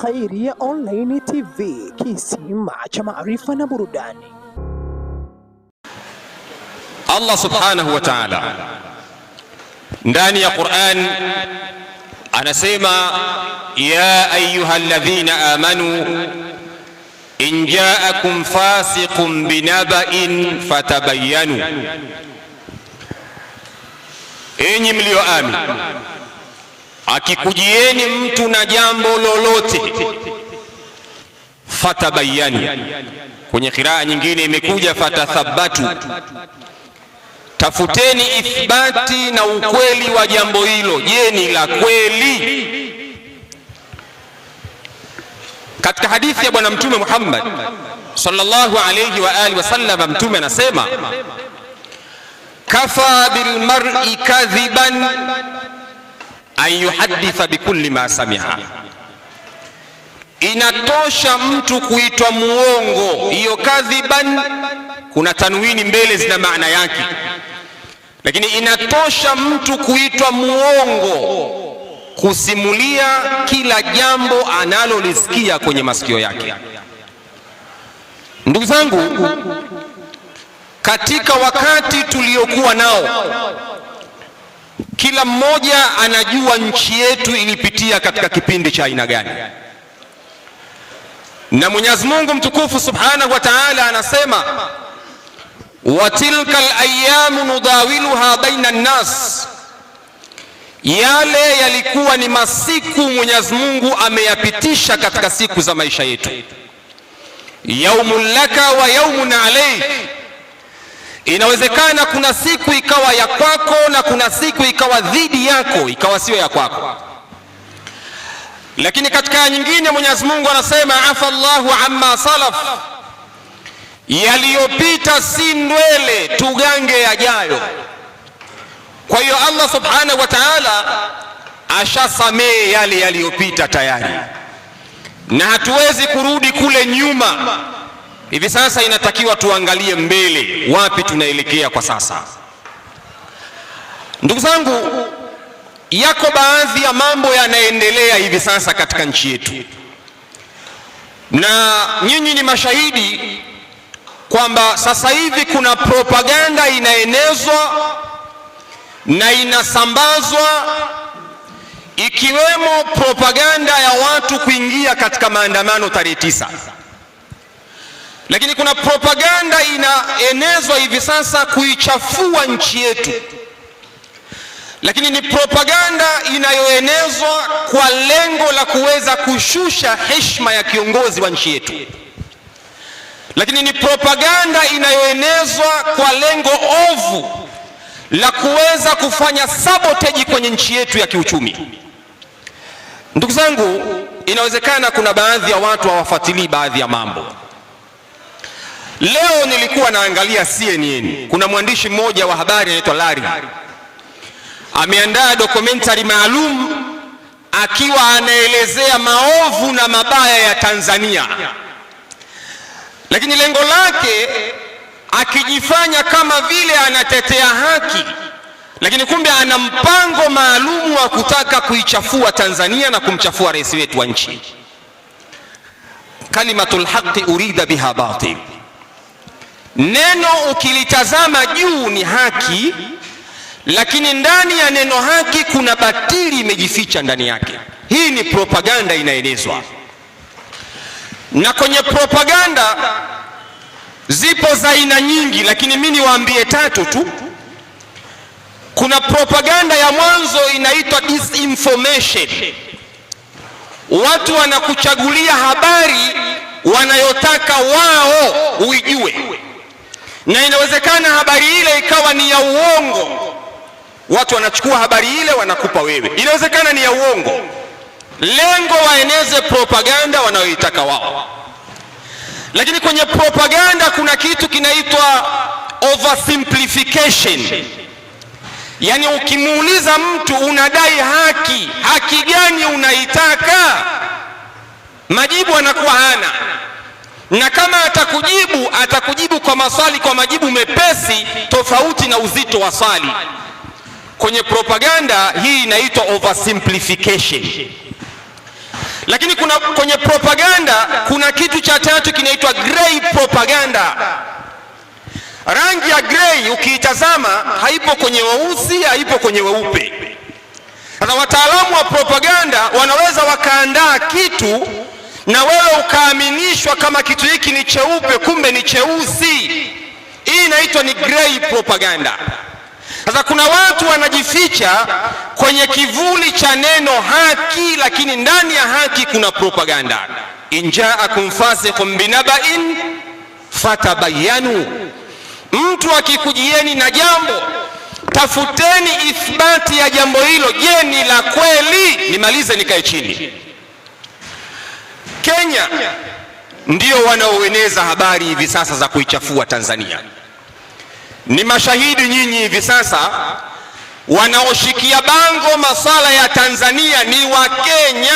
Khairia Online TV, kisima cha maarifa na burudani. Allah subhanahu wa ta'ala ndani ya Qur'an anasema, ya ayyuhalladhina amanu in ja'akum fasiqun binaba'in fatabayyanu Enyi mlioamini, akikujieni mtu na jambo lolote fatabayani. Kwenye kiraa nyingine imekuja fatathabatu, tafuteni ithbati na ukweli wa jambo hilo. Je, ni la kweli? Katika hadithi ya Bwana Mtume Muhammad sallallahu alayhi wa alihi wasallam, Mtume anasema kafa bilmari kadhiban an yuhaditha bikulli ma sami'a, inatosha mtu kuitwa muongo. Hiyo kadhiban kuna tanwini mbele zina maana yake, lakini inatosha mtu kuitwa muongo kusimulia kila jambo analolisikia kwenye masikio yake. Ndugu zangu katika wakati tuliokuwa nao, kila mmoja anajua nchi yetu ilipitia katika kipindi cha aina gani, na Mwenyezi Mungu mtukufu Subhanahu wa Ta'ala anasema wa tilka alayamu nudawiluha baina nnas, yale yalikuwa ni masiku Mwenyezi Mungu ameyapitisha katika siku za maisha yetu, yaumun laka wa yaumun alayk Inawezekana kuna siku ikawa ya kwako na kuna siku ikawa dhidi yako, ikawa siyo ya kwako. Lakini katika aya nyingine Mwenyezi Mungu anasema afa Allahu amma salaf, yaliyopita si ndwele, tugange yajayo. Kwa hiyo Allah subhanahu wa ta'ala ashasamehe yale yaliyopita tayari, na hatuwezi kurudi kule nyuma Hivi sasa inatakiwa tuangalie mbele, wapi tunaelekea kwa sasa. Ndugu zangu, yako baadhi ya mambo yanaendelea hivi sasa katika nchi yetu, na nyinyi ni mashahidi kwamba sasa hivi kuna propaganda inaenezwa na inasambazwa, ikiwemo propaganda ya watu kuingia katika maandamano tarehe tisa. Lakini kuna propaganda inaenezwa hivi sasa kuichafua nchi yetu, lakini ni propaganda inayoenezwa kwa lengo la kuweza kushusha heshima ya kiongozi wa nchi yetu, lakini ni propaganda inayoenezwa kwa lengo ovu la kuweza kufanya saboteji kwenye nchi yetu ya kiuchumi. Ndugu zangu, inawezekana kuna baadhi ya watu hawafuatilii baadhi ya mambo Leo nilikuwa naangalia CNN, kuna mwandishi mmoja wa habari anaitwa Larry ameandaa dokumentari maalum akiwa anaelezea maovu na mabaya ya Tanzania, lakini lengo lake akijifanya kama vile anatetea haki, lakini kumbe ana mpango maalum wa kutaka kuichafua Tanzania na kumchafua rais wetu wa nchi. Kalimatul haqqi urida biha batil Neno ukilitazama juu ni haki, lakini ndani ya neno haki kuna batili imejificha ndani yake. Hii ni propaganda inaenezwa, na kwenye propaganda zipo za aina nyingi, lakini mimi niwaambie tatu tu. Kuna propaganda ya mwanzo inaitwa disinformation. Watu wanakuchagulia habari wanayotaka wao uijue na inawezekana habari ile ikawa ni ya uongo. Watu wanachukua habari ile wanakupa wewe, inawezekana ni ya uongo, lengo waeneze propaganda wanayoitaka wao. Lakini kwenye propaganda kuna kitu kinaitwa oversimplification, yaani ukimuuliza mtu unadai haki, haki gani unaitaka, majibu anakuwa hana na kama atakujibu atakujibu kwa maswali kwa majibu mepesi tofauti na uzito wa swali. Kwenye propaganda hii inaitwa oversimplification. Lakini kuna, kwenye propaganda kuna kitu cha tatu kinaitwa grey propaganda. Rangi ya grey ukiitazama haipo kwenye weusi, haipo kwenye weupe. Sasa wataalamu wa propaganda wanaweza wakaandaa kitu na wewe ukaaminishwa kama kitu hiki ni cheupe, kumbe ni cheusi. Hii inaitwa ni grey propaganda. Sasa kuna watu wanajificha kwenye kivuli cha neno haki, lakini ndani ya haki kuna propaganda. Injaakum fasiqun binabain fatabayanu, mtu akikujieni na jambo tafuteni ithbati ya jambo hilo. Je, ni la kweli? Nimalize nikae chini. Kenya ndio wanaoeneza habari hivi sasa za kuichafua Tanzania. Ni mashahidi nyinyi hivi sasa wanaoshikia bango masala ya Tanzania ni Wakenya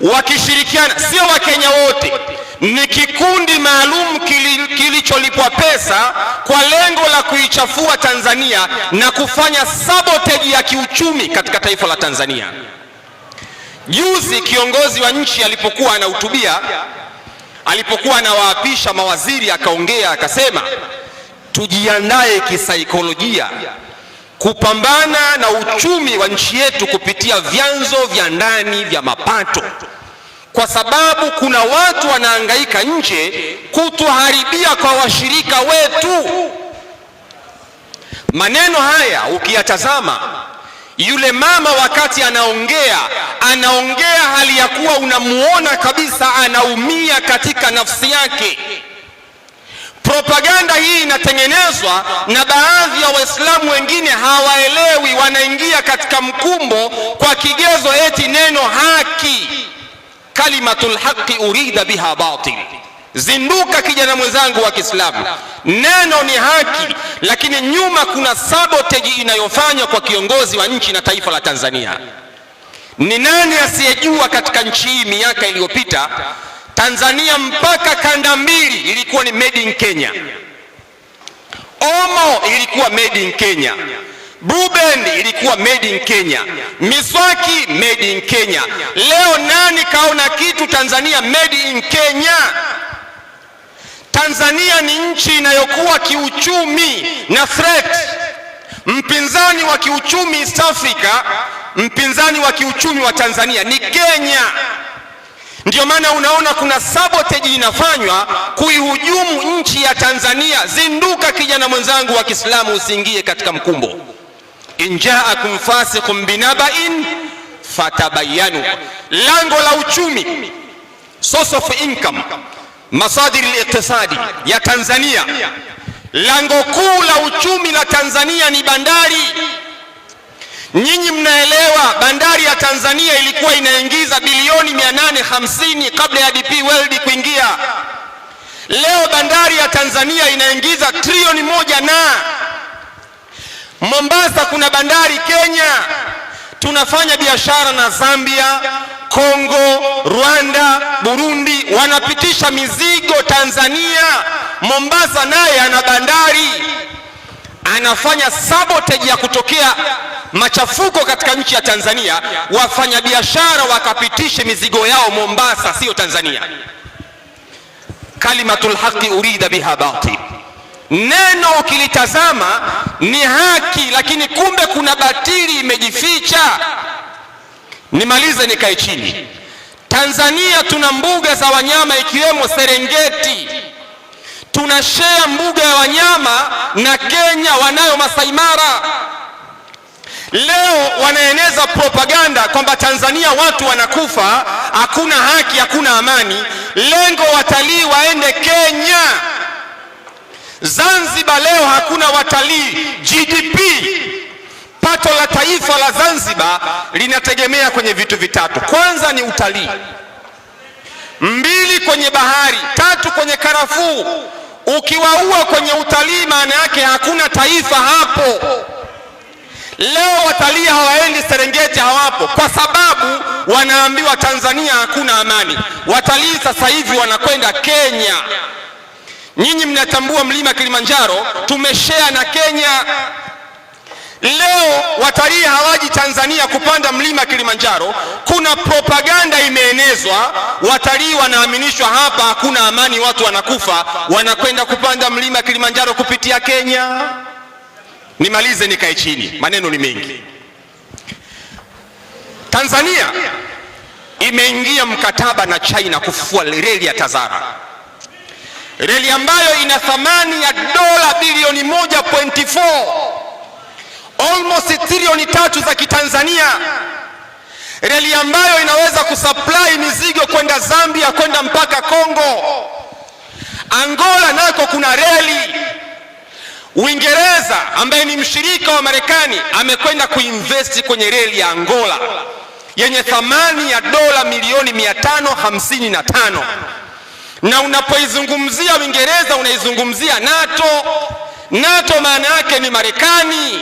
wakishirikiana, sio Wakenya wote, ni kikundi maalum kilicholipwa pesa kwa lengo la kuichafua Tanzania na kufanya sabotage ya kiuchumi katika taifa la Tanzania. Juzi kiongozi wa nchi alipokuwa anahutubia, alipokuwa anawaapisha mawaziri, akaongea akasema, tujiandae kisaikolojia kupambana na uchumi wa nchi yetu kupitia vyanzo vya ndani vya mapato, kwa sababu kuna watu wanaangaika nje kutuharibia kwa washirika wetu. Maneno haya ukiyatazama yule mama wakati anaongea anaongea hali ya kuwa unamuona kabisa anaumia katika nafsi yake. Propaganda hii inatengenezwa na baadhi ya Waislamu wengine hawaelewi, wanaingia katika mkumbo kwa kigezo eti neno haki, kalimatul haqi urida biha batil Zinduka kijana mwenzangu wa Kiislamu, neno ni haki, lakini nyuma kuna sabotage inayofanywa kwa kiongozi wa nchi na taifa la Tanzania. Ni nani asiyejua katika nchi hii miaka iliyopita Tanzania mpaka kanda mbili ilikuwa ni made in Kenya, Omo ilikuwa made in Kenya, buben ilikuwa made in Kenya, miswaki made in Kenya. Leo nani kaona kitu Tanzania made in Kenya? Tanzania ni nchi inayokuwa kiuchumi na threat. Mpinzani wa kiuchumi East Africa, mpinzani wa kiuchumi wa Tanzania ni Kenya. Ndiyo maana unaona kuna sabotage inafanywa kuihujumu nchi ya Tanzania. Zinduka kijana mwenzangu wa Kiislamu, usiingie katika mkumbo. Injaakum fasiqun binabain fatabayanu, lango la uchumi, source of income masadiri iktisadi ya Tanzania, lango kuu la uchumi la Tanzania ni bandari. Nyinyi mnaelewa bandari ya Tanzania ilikuwa inaingiza bilioni 850 kabla ya DP World kuingia. Leo bandari ya Tanzania inaingiza trilioni moja na Mombasa kuna bandari Kenya, tunafanya biashara na Zambia, Kongo, Rwanda, Burundi wanapitisha mizigo Tanzania. Mombasa naye ana bandari, anafanya sabotage ya kutokea machafuko katika nchi ya Tanzania, wafanyabiashara wakapitishe mizigo yao Mombasa, sio Tanzania. Kalimatul haqi urida biha batil, neno ukilitazama ni haki, lakini kumbe kuna batili imejificha. Nimalize nikae chini. Tanzania tuna mbuga za wanyama ikiwemo Serengeti, tuna shea mbuga ya wanyama na Kenya wanayo Masai Mara. Leo wanaeneza propaganda kwamba Tanzania watu wanakufa, hakuna haki, hakuna amani. Lengo watalii waende Kenya. Zanzibar leo hakuna watalii, GDP Pato la taifa la Zanzibar linategemea kwenye vitu vitatu. Kwanza ni utalii, mbili kwenye bahari, tatu kwenye karafuu. Ukiwaua kwenye utalii, maana yake hakuna taifa hapo. Leo watalii hawaendi Serengeti, hawapo kwa sababu wanaambiwa Tanzania hakuna amani. Watalii sasa hivi wanakwenda Kenya. Nyinyi mnatambua mlima Kilimanjaro tumeshare na Kenya. Leo watalii hawaji Tanzania kupanda mlima Kilimanjaro. Kuna propaganda imeenezwa, watalii wanaaminishwa hapa hakuna amani, watu wanakufa, wanakwenda kupanda mlima Kilimanjaro kupitia Kenya. Nimalize nikae chini, maneno ni mengi. Tanzania imeingia mkataba na China kufufua reli ya Tazara, reli ambayo ina thamani ya dola bilioni 1.4 almost trilioni tatu za Kitanzania, reli ambayo inaweza kusupply mizigo kwenda Zambia, kwenda mpaka Kongo. Angola nako kuna reli. Uingereza ambaye ni mshirika wa Marekani amekwenda kuinvesti kwenye reli ya Angola yenye thamani ya dola milioni 555 na unapoizungumzia Uingereza unaizungumzia NATO. NATO maana yake ni Marekani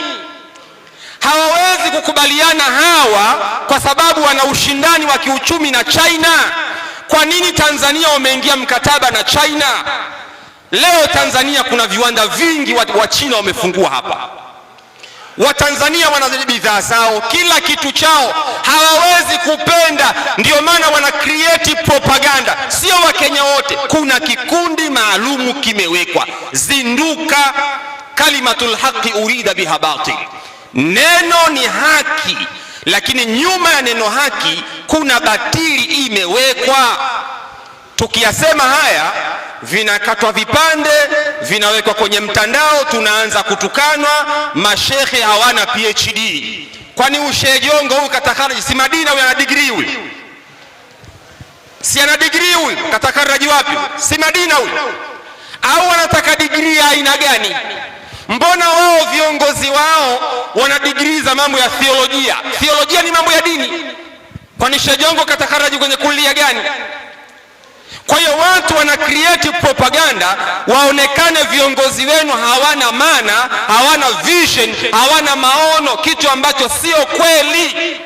kukubaliana hawa kwa sababu wana ushindani wa kiuchumi na China. Kwa nini Tanzania wameingia mkataba na China? Leo Tanzania kuna viwanda vingi wa, wa China wamefungua hapa. Watanzania wana bidhaa zao, kila kitu chao, hawawezi kupenda. Ndio maana wana create propaganda, sio Wakenya wote. Kuna kikundi maalumu kimewekwa, zinduka, kalimatul haqi urida biha batil Neno ni haki, lakini nyuma ya neno haki kuna batili imewekwa. Tukiyasema haya vinakatwa vipande, vinawekwa kwenye mtandao, tunaanza kutukanwa. Mashehe hawana PhD. Kwani ushe Jongo huyu katakaraji si Madina? Huyu ana digrii huyu, si ana digrii huyu? Katakaraji wapi? Si Madina huyu? Au anataka digrii ya aina gani? Mbona wao viongozi wao wana digrii za mambo ya theolojia. Theolojia ni mambo ya dini. Kwani Shejongo katakaraji kwenye kulia gani? Kwa hiyo watu wana create propaganda waonekane viongozi wenu hawana maana, hawana vision, hawana maono, kitu ambacho sio kweli.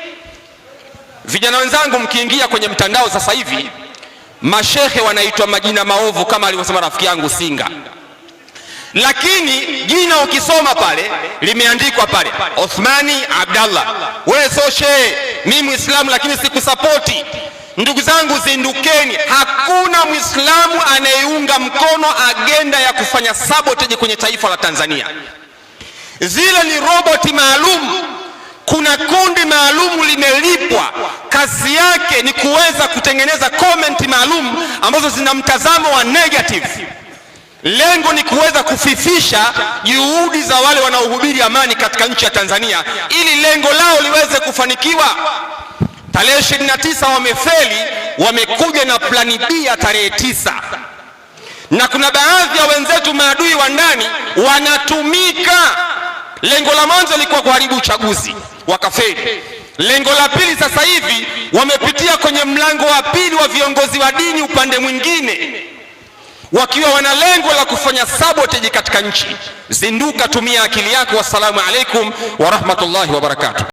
Vijana wenzangu, mkiingia kwenye mtandao sasa hivi mashehe wanaitwa majina maovu, kama alivyosema rafiki yangu Singa lakini jina ukisoma pale limeandikwa pale Othmani Abdallah. Wewe sio shehe, mimi Muislamu lakini sikusapoti. Ndugu zangu, zindukeni! Hakuna Mwislamu anayeunga mkono agenda ya kufanya sabotage kwenye taifa la Tanzania. Zile ni roboti maalum kuna kundi maalumu limelipwa, kazi yake ni kuweza kutengeneza komenti maalum ambazo zina mtazamo wa negative. Lengo ni kuweza kufifisha juhudi za wale wanaohubiri amani katika nchi ya Tanzania ili lengo lao liweze kufanikiwa. Tarehe 29 wamefeli, wamekuja na plani B ya tarehe tisa, na kuna baadhi ya wenzetu maadui wa ndani wanatumika. Lengo la mwanzo lilikuwa kuharibu uchaguzi, wakafeli. Lengo la pili sasa hivi wamepitia kwenye mlango wa pili wa viongozi wa dini upande mwingine wakiwa wana lengo la kufanya sabotage katika nchi. Zinduka, tumia akili yako. Wassalamu alaikum warahmatullahi wabarakatuh.